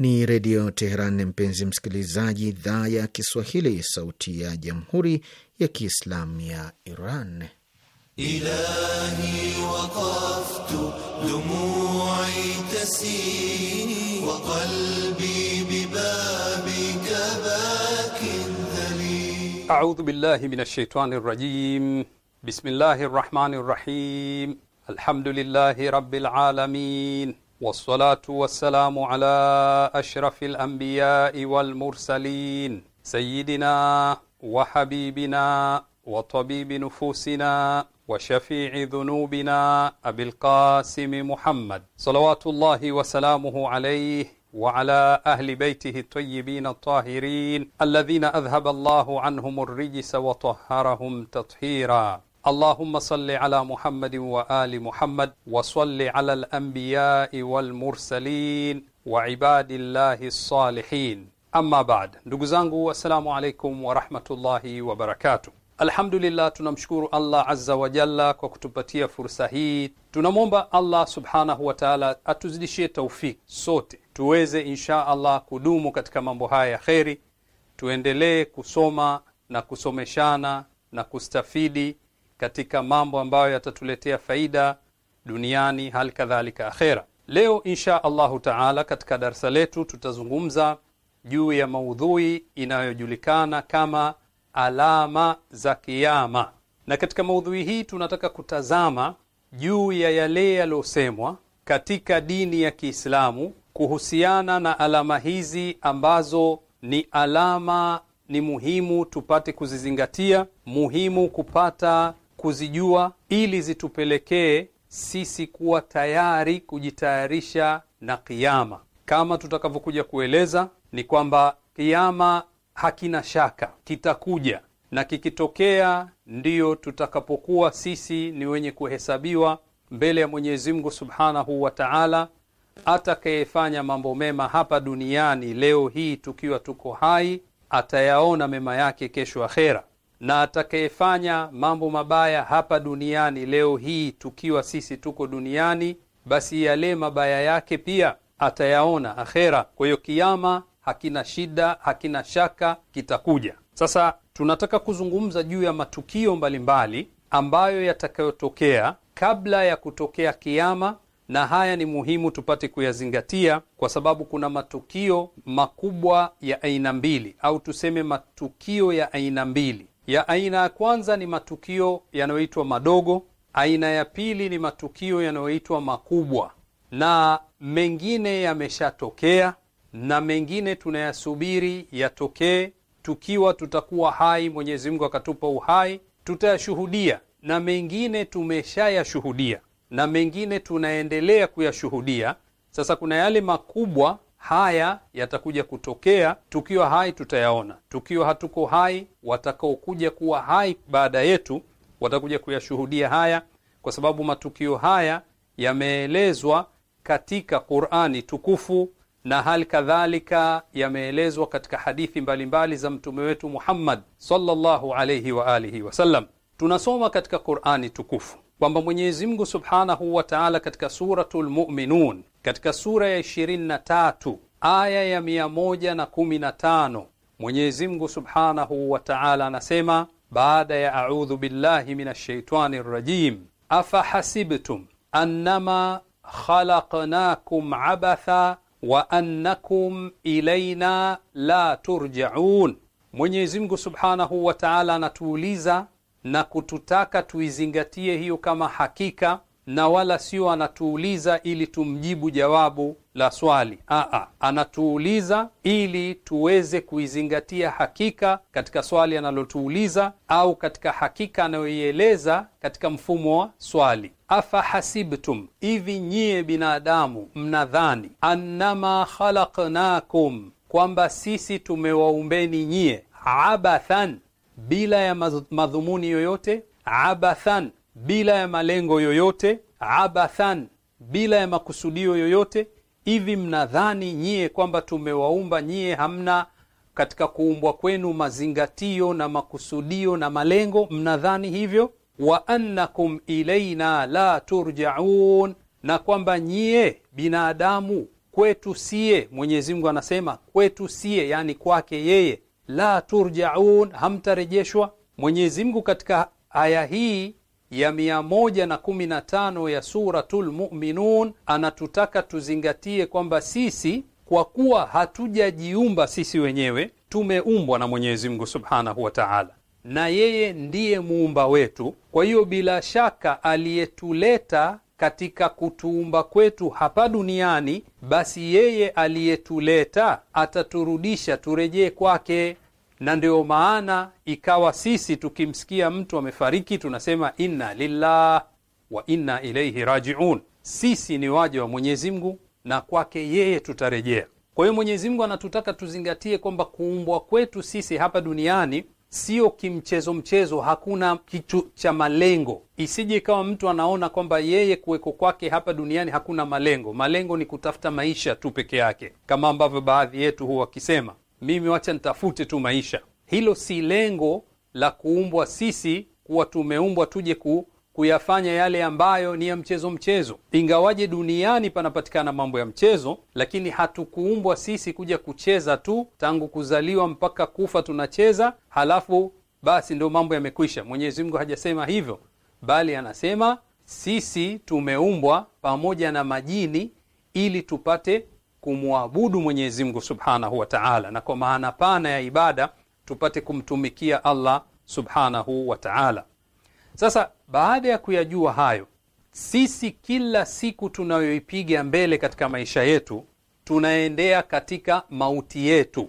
Ni Redio Teheran, mpenzi msikilizaji, idhaa ya Kiswahili, sauti ya jamhuri ya kiislamu ya Iran. Ilahi waqaftu dumu'i tasiri wa qalbi bibabika bakin dhali. A'udhu billahi minash shaitani rajim. Bismillahir rahmanir rahim. Alhamdulillahi rabbil alamin والصلاة والسلام على أشرف الأنبياء والمرسلين سيدنا وحبيبنا وطبيب نفوسنا وشفيع ذنوبنا أبي القاسم محمد صلوات الله وسلامه عليه وعلى أهل بيته الطيبين الطاهرين الذين أذهب الله عنهم الرجس وطهرهم تطهيرا Allahumma salli ala Muhammadin wa ali Muhammad wa salli ala al-anbiyai wal mursalin wa ibadillahi salihin. Amma ba'd, ndugu zangu, assalamu alaykum wa rahmatullahi wa barakatuh. Alhamdulillah, tunamshukuru Allah azza wa jalla kwa kutupatia fursa hii. Tunamwomba Allah subhanahu wa ta'ala atuzidishie taufiki sote tuweze insha Allah kudumu katika mambo haya ya kheri, tuendelee kusoma na kusomeshana na kustafidi katika mambo ambayo yatatuletea faida duniani hali kadhalika akhera. Leo insha Allahu taala katika darsa letu tutazungumza juu ya maudhui inayojulikana kama alama za kiama na katika maudhui hii tunataka kutazama juu ya yale yaliyosemwa katika dini ya Kiislamu kuhusiana na alama hizi ambazo ni alama ni muhimu tupate kuzizingatia, muhimu kupata kuzijua, ili zitupelekee sisi kuwa tayari kujitayarisha na kiama. Kama tutakavyokuja kueleza, ni kwamba kiama hakina shaka kitakuja, na kikitokea ndiyo tutakapokuwa sisi ni wenye kuhesabiwa mbele ya Mwenyezi Mungu Subhanahu wa Ta'ala. Atakayefanya mambo mema hapa duniani leo hii tukiwa tuko hai, atayaona mema yake kesho akhera na atakayefanya mambo mabaya hapa duniani leo hii, tukiwa sisi tuko duniani, basi yale mabaya yake pia atayaona akhera. Kwa hiyo kiama hakina shida, hakina shaka, kitakuja. Sasa tunataka kuzungumza juu ya matukio mbalimbali mbali ambayo yatakayotokea kabla ya kutokea kiama, na haya ni muhimu tupate kuyazingatia, kwa sababu kuna matukio makubwa ya aina mbili, au tuseme matukio ya aina mbili ya aina ya kwanza ni matukio yanayoitwa madogo, aina ya pili ni matukio yanayoitwa makubwa, na mengine yameshatokea na mengine tunayasubiri yatokee. Tukiwa tutakuwa hai, Mwenyezi Mungu akatupa uhai, tutayashuhudia, na mengine tumeshayashuhudia, na mengine tunaendelea kuyashuhudia. Sasa kuna yale makubwa haya yatakuja kutokea. Tukiwa hai tutayaona, tukiwa hatuko hai, watakaokuja kuwa hai baada yetu watakuja kuyashuhudia haya, kwa sababu matukio haya yameelezwa katika Qur'ani tukufu na hali kadhalika yameelezwa katika hadithi mbalimbali mbali za mtume wetu Muhammad sallallahu alayhi wa alihi wasallam. Tunasoma katika Qur'ani tukufu kwamba Mwenyezi Mungu Subhanahu wa Ta'ala katika suratul Mu'minun katika sura ya 23 aya ya 115 Mwenyezi Mungu subhanahu wa taala anasema baada ya audhu billahi min shaitani rrajim, afahasibtum annama khalaqnakum abatha wa annakum ilaina la turjaun. Mwenyezi Mungu subhanahu wa taala anatuuliza na kututaka tuizingatie hiyo kama hakika na wala sio anatuuliza ili tumjibu jawabu la swali. Aa, anatuuliza ili tuweze kuizingatia hakika katika swali analotuuliza au katika hakika anayoieleza katika mfumo wa swali. Afahasibtum, hivi nyie binadamu mnadhani, annama khalaqnakum, kwamba sisi tumewaumbeni nyie abathan, bila ya madhumuni yoyote abathan bila ya malengo yoyote, abathan, bila ya makusudio yoyote. Hivi mnadhani nyie kwamba tumewaumba nyie? Hamna katika kuumbwa kwenu mazingatio na makusudio na malengo? Mnadhani hivyo? wa annakum ilaina la turjaun, na kwamba nyie binadamu kwetu siye, Mwenyezi Mungu anasema kwetu siye, yani kwake yeye, la turjaun, hamtarejeshwa. Mwenyezi Mungu katika aya hii ya 115 ya Suratul Muminun anatutaka tuzingatie kwamba sisi kwa kuwa hatujajiumba sisi wenyewe, tumeumbwa na Mwenyezi Mungu subhanahu wa taala, na yeye ndiye muumba wetu. Kwa hiyo bila shaka aliyetuleta katika kutuumba kwetu hapa duniani, basi yeye aliyetuleta ataturudisha turejee kwake na ndio maana ikawa sisi tukimsikia mtu amefariki tunasema inna lillah wa inna ilaihi rajiun, sisi ni waja wa Mwenyezi Mungu na kwake yeye tutarejea. Kwa hiyo Mwenyezi Mungu anatutaka tuzingatie kwamba kuumbwa kwetu sisi hapa duniani sio kimchezo mchezo, hakuna kitu cha malengo. Isije ikawa mtu anaona kwamba yeye kuweko kwake hapa duniani hakuna malengo. Malengo ni kutafuta maisha tu peke yake, kama ambavyo baadhi yetu huwa wakisema mimi wacha nitafute tu maisha. Hilo si lengo la kuumbwa sisi kuwa tumeumbwa tuje ku, kuyafanya yale ambayo ni ya mchezo mchezo. Ingawaje duniani panapatikana mambo ya mchezo, lakini hatukuumbwa sisi kuja kucheza tu. Tangu kuzaliwa mpaka kufa tunacheza, halafu basi ndio mambo yamekwisha. Mwenyezi Mungu hajasema hivyo, bali anasema sisi tumeumbwa pamoja na majini ili tupate kumwabudu Mwenyezi Mungu subhanahu wa taala, na kwa maana pana ya ibada tupate kumtumikia Allah subhanahu wa taala. Sasa baada ya kuyajua hayo, sisi kila siku tunayoipiga mbele katika maisha yetu tunaendea katika mauti yetu,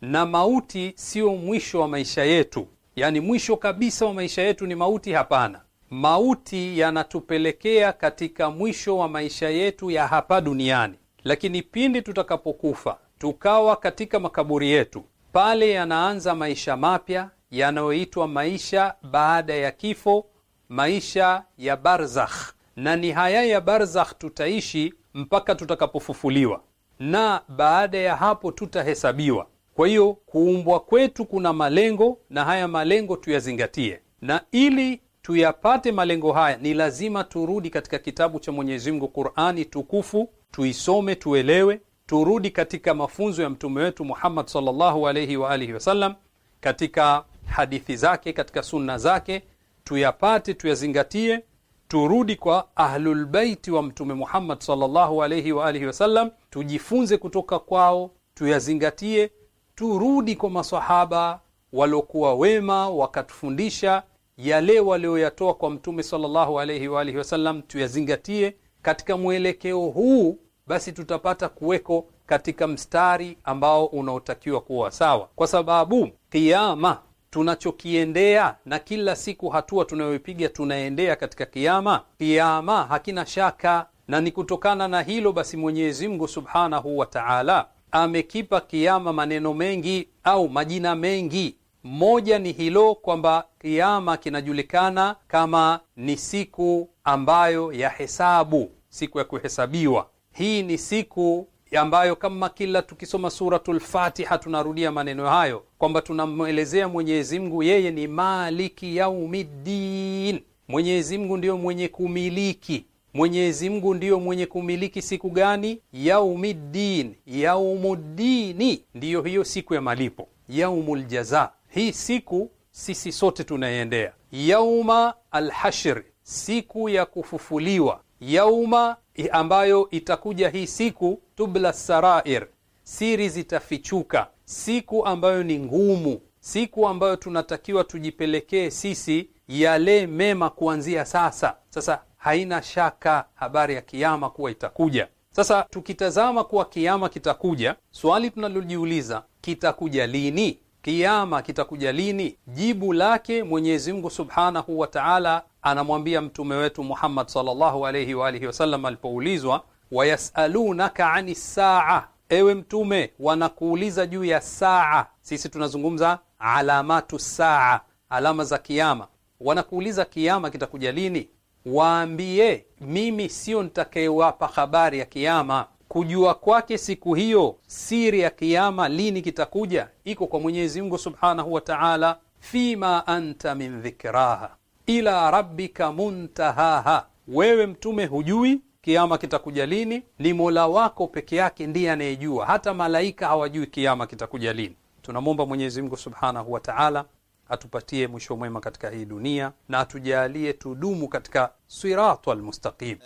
na mauti sio mwisho wa maisha yetu, yaani mwisho kabisa wa maisha yetu ni mauti? Hapana, mauti yanatupelekea katika mwisho wa maisha yetu ya hapa duniani. Lakini pindi tutakapokufa tukawa katika makaburi yetu, pale yanaanza maisha mapya yanayoitwa maisha baada ya kifo, maisha ya barzakh. Na ni haya ya barzakh tutaishi mpaka tutakapofufuliwa, na baada ya hapo tutahesabiwa. Kwa hiyo kuumbwa kwetu kuna malengo, na haya malengo tuyazingatie, na ili tuyapate malengo haya, ni lazima turudi katika kitabu cha Mwenyezi Mungu Qur'ani tukufu, tuisome, tuelewe, turudi katika mafunzo ya mtume wetu Muhammad sallallahu wa alihi wasallam, katika hadithi zake, katika sunna zake, tuyapate, tuyazingatie, turudi kwa ahlulbeiti wa mtume Muhammad sallallahu wa alihi wasallam, tujifunze kutoka kwao, tuyazingatie, turudi kwa masahaba waliokuwa wema, wakatufundisha yale walioyatoa kwa Mtume sallallahu alaihi wa alihi wasallam tuyazingatie katika mwelekeo huu, basi tutapata kuweko katika mstari ambao unaotakiwa kuwa sawa, kwa sababu kiama tunachokiendea na kila siku hatua tunayoipiga tunaendea katika kiama. Kiama hakina shaka, na ni kutokana na hilo basi Mwenyezi Mungu subhanahu wa taala amekipa kiama maneno mengi au majina mengi moja ni hilo kwamba kiama kinajulikana kama ni siku ambayo ya hesabu, siku ya kuhesabiwa. Hii ni siku ambayo kama kila tukisoma Suratul Fatiha tunarudia maneno hayo kwamba tunamwelezea Mwenyezi Mungu, yeye ni maliki yaumiddin. Mwenyezi Mungu ndiyo mwenye kumiliki Mwenyezi Mungu ndiyo mwenye kumiliki siku gani? Yaumiddin, yaumuddini, ndiyo hiyo siku ya malipo, yaumul jaza hii siku sisi sote tunaiendea yauma alhashri, siku ya kufufuliwa. Yauma ambayo itakuja hii siku, tubla sarair, siri zitafichuka, siku ambayo ni ngumu, siku ambayo tunatakiwa tujipelekee sisi yale mema kuanzia sasa. Sasa haina shaka habari ya kiama kuwa itakuja. Sasa tukitazama kuwa kiama kitakuja, swali tunalojiuliza kitakuja lini? kiama kitakuja lini? Jibu lake Mwenyezi Mungu subhanahu wa taala anamwambia mtume wetu Muhammad sallallahu alayhi wa alihi wasallam alipoulizwa, wayasalunaka ani saa, ewe Mtume, wanakuuliza juu ya saa. Sisi tunazungumza alamatu saa, alama za kiama. Wanakuuliza kiama kitakuja lini? Waambie mimi sio nitakayewapa habari ya kiama Kujua kwake siku hiyo, siri ya kiama lini kitakuja, iko kwa Mwenyezi Mungu subhanahu wa taala. Fima anta min dhikraha ila rabbika muntahaha, wewe Mtume hujui kiama kitakuja lini, ni Mola wako peke yake ndiye anayejua. Hata malaika hawajui kiama kitakuja lini. Tunamwomba Mwenyezi Mungu subhanahu wa taala atupatie mwisho mwema katika hii dunia na atujalie tudumu katika siratu almustaqim.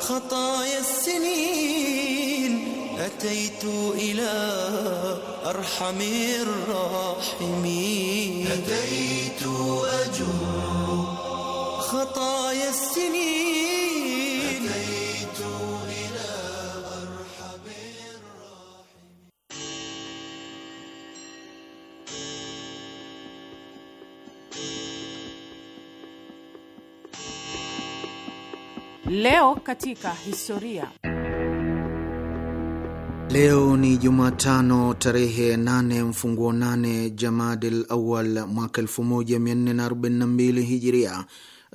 خطايا السنين أتيت إلى أرحم الراحمين أتيت أجر خطايا السنين Leo katika historia. Leo ni Jumatano tarehe 8 mfunguo 8 Jamadil Awal mwaka 1442 Hijiria,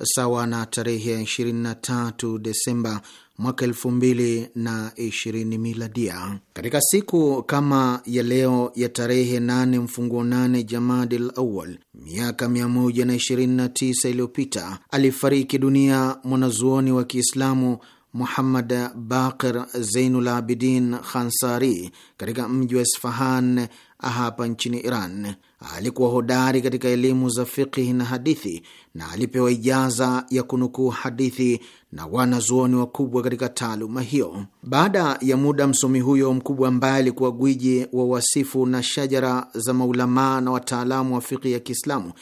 sawa na tarehe ya 23 Desemba mwaka elfu mbili na ishirini miladia. Katika siku kama ya leo ya tarehe nane mfunguo nane Jamadil Awal miaka tisa iliyopita alifariki dunia mwanazuoni wa Kiislamu Muhammad Baqir Zeinul Abidin Khansari katika mji wa Isfahan hapa nchini Iran. Alikuwa hodari katika elimu za fiqhi na hadithi na alipewa ijaza ya kunukuu hadithi na wanazuoni wakubwa katika taaluma hiyo. Baada ya muda, msomi huyo mkubwa ambaye alikuwa gwiji wa wasifu na shajara za maulamaa na wataalamu wa fiqhi ya Kiislamu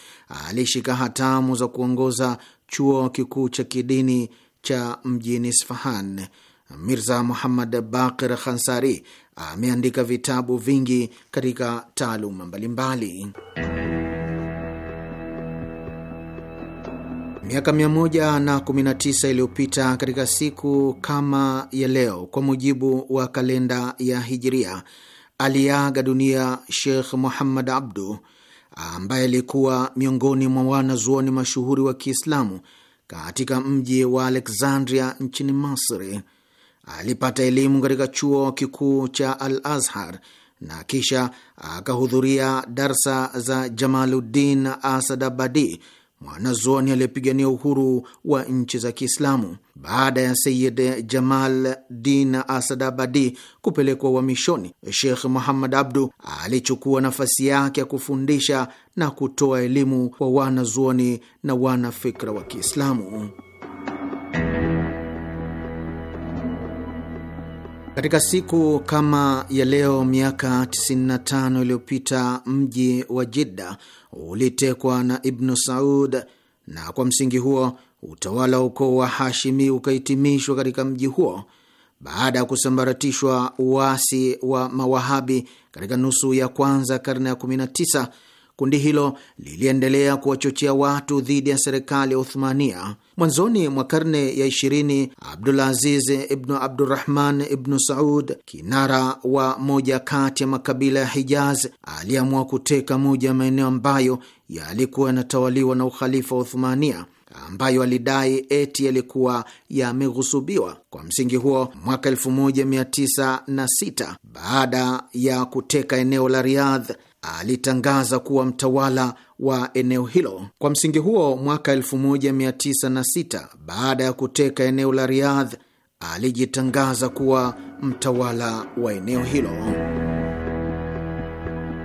alishika hatamu za kuongoza chuo kikuu cha kidini cha mjini Isfahan. Mirza Muhammad Bakir Khansari ameandika vitabu vingi katika taaluma mbalimbali. Miaka 119 iliyopita katika siku kama ya leo, kwa mujibu wa kalenda ya Hijiria, aliaga dunia Sheikh Muhammad Abdu ambaye alikuwa miongoni mwa wanazuoni mashuhuri wa Kiislamu katika mji wa Alexandria nchini Misri. Alipata elimu katika chuo kikuu cha Al Azhar na kisha akahudhuria darsa za Jamaluddin Asadabadi, mwanazuoni aliyepigania uhuru wa nchi za Kiislamu. Baada ya Sayid Jamal Din Asadabadi kupelekwa uhamishoni, Shekh Muhammad Abdu alichukua nafasi yake ya kufundisha na kutoa elimu kwa wanazuoni na wanafikra wa Kiislamu. Katika siku kama ya leo miaka 95 iliyopita mji wa Jidda ulitekwa na Ibnu Saud, na kwa msingi huo utawala wa ukoo wa Hashimi ukahitimishwa katika mji huo baada ya kusambaratishwa uasi wa Mawahabi katika nusu ya kwanza karne ya 19. Kundi hilo liliendelea kuwachochea watu dhidi ya serikali ya Uthmania Mwanzoni mwa karne ya ishirini, Abdulaziz ibnu Abdurahman ibnu Saud, kinara wa moja kati ya makabila ya Hijaz, aliamua kuteka moja ya maeneo ambayo yalikuwa yanatawaliwa na ukhalifa wa Uthumania ambayo alidai eti yalikuwa yameghusubiwa. Kwa msingi huo, mwaka 1906 baada ya kuteka eneo la riadh alitangaza kuwa mtawala wa eneo hilo. Kwa msingi huo, mwaka 1906 baada ya kuteka eneo la Riyadh, alijitangaza kuwa mtawala wa eneo hilo.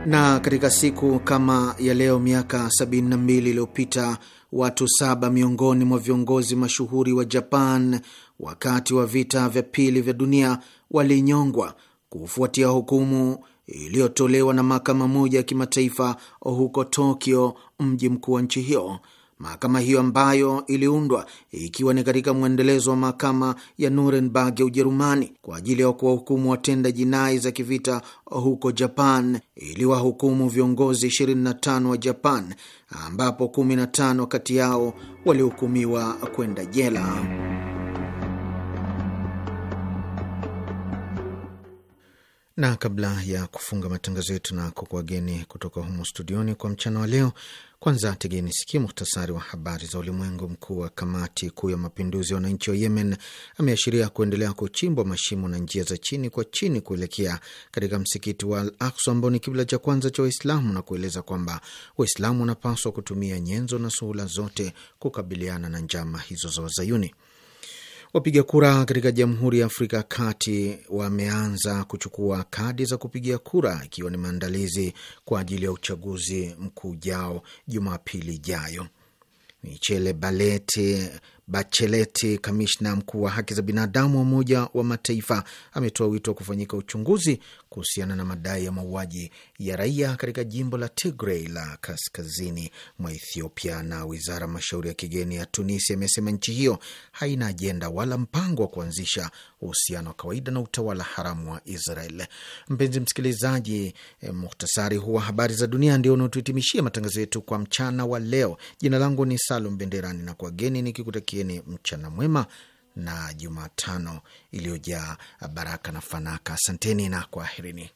Na katika siku kama ya leo miaka 72 iliyopita watu saba miongoni mwa viongozi mashuhuri wa Japan wakati wa vita vya pili vya dunia walinyongwa kufuatia hukumu iliyotolewa na mahakama moja ya kimataifa huko Tokyo, mji mkuu wa nchi hiyo. Mahakama hiyo ambayo iliundwa ikiwa ni katika mwendelezo wa mahakama ya Nuremberg ya Ujerumani kwa ajili ya kuwahukumu watenda jinai za kivita huko Japan iliwahukumu viongozi 25 wa Japan, ambapo 15 kati yao walihukumiwa kwenda jela. na kabla ya kufunga matangazo yetu na kukuwageni kutoka humo studioni kwa mchana wa leo, kwanza tegeni sikia muhtasari wa habari za ulimwengu. Mkuu wa kamati kuu ya mapinduzi ya wananchi wa Yemen ameashiria kuendelea kuchimbwa mashimo na njia za chini kwa chini kuelekea katika msikiti wa Al aks ambao ni kibla cha kwanza cha Waislamu na kueleza kwamba Waislamu wanapaswa kutumia nyenzo na suhula zote kukabiliana na njama hizo za Wazayuni. Wapiga kura katika Jamhuri ya Afrika ya Kati wameanza kuchukua kadi za kupigia kura ikiwa ni maandalizi kwa ajili ya uchaguzi mkuu ujao Jumapili ijayo. Michele Baleti Bacheleti, kamishna mkuu wa haki za binadamu wa Umoja wa Mataifa, ametoa wito wa kufanyika uchunguzi kuhusiana na madai ya mauaji ya raia katika jimbo la Tigray la kaskazini mwa Ethiopia. Na wizara mashauri ya kigeni ya Tunisia imesema nchi hiyo haina ajenda wala mpango wa kuanzisha uhusiano wa kawaida na utawala haramu wa Israel. Mpenzi msikilizaji, eh, muhtasari huu wa habari za dunia ndio unaotuhitimishia matangazo yetu kwa mchana wa leo. Jina langu ni Salum Benderani na kwa geni nikikutakieni mchana mwema na Jumatano iliyojaa baraka na fanaka. Asanteni na kwaherini.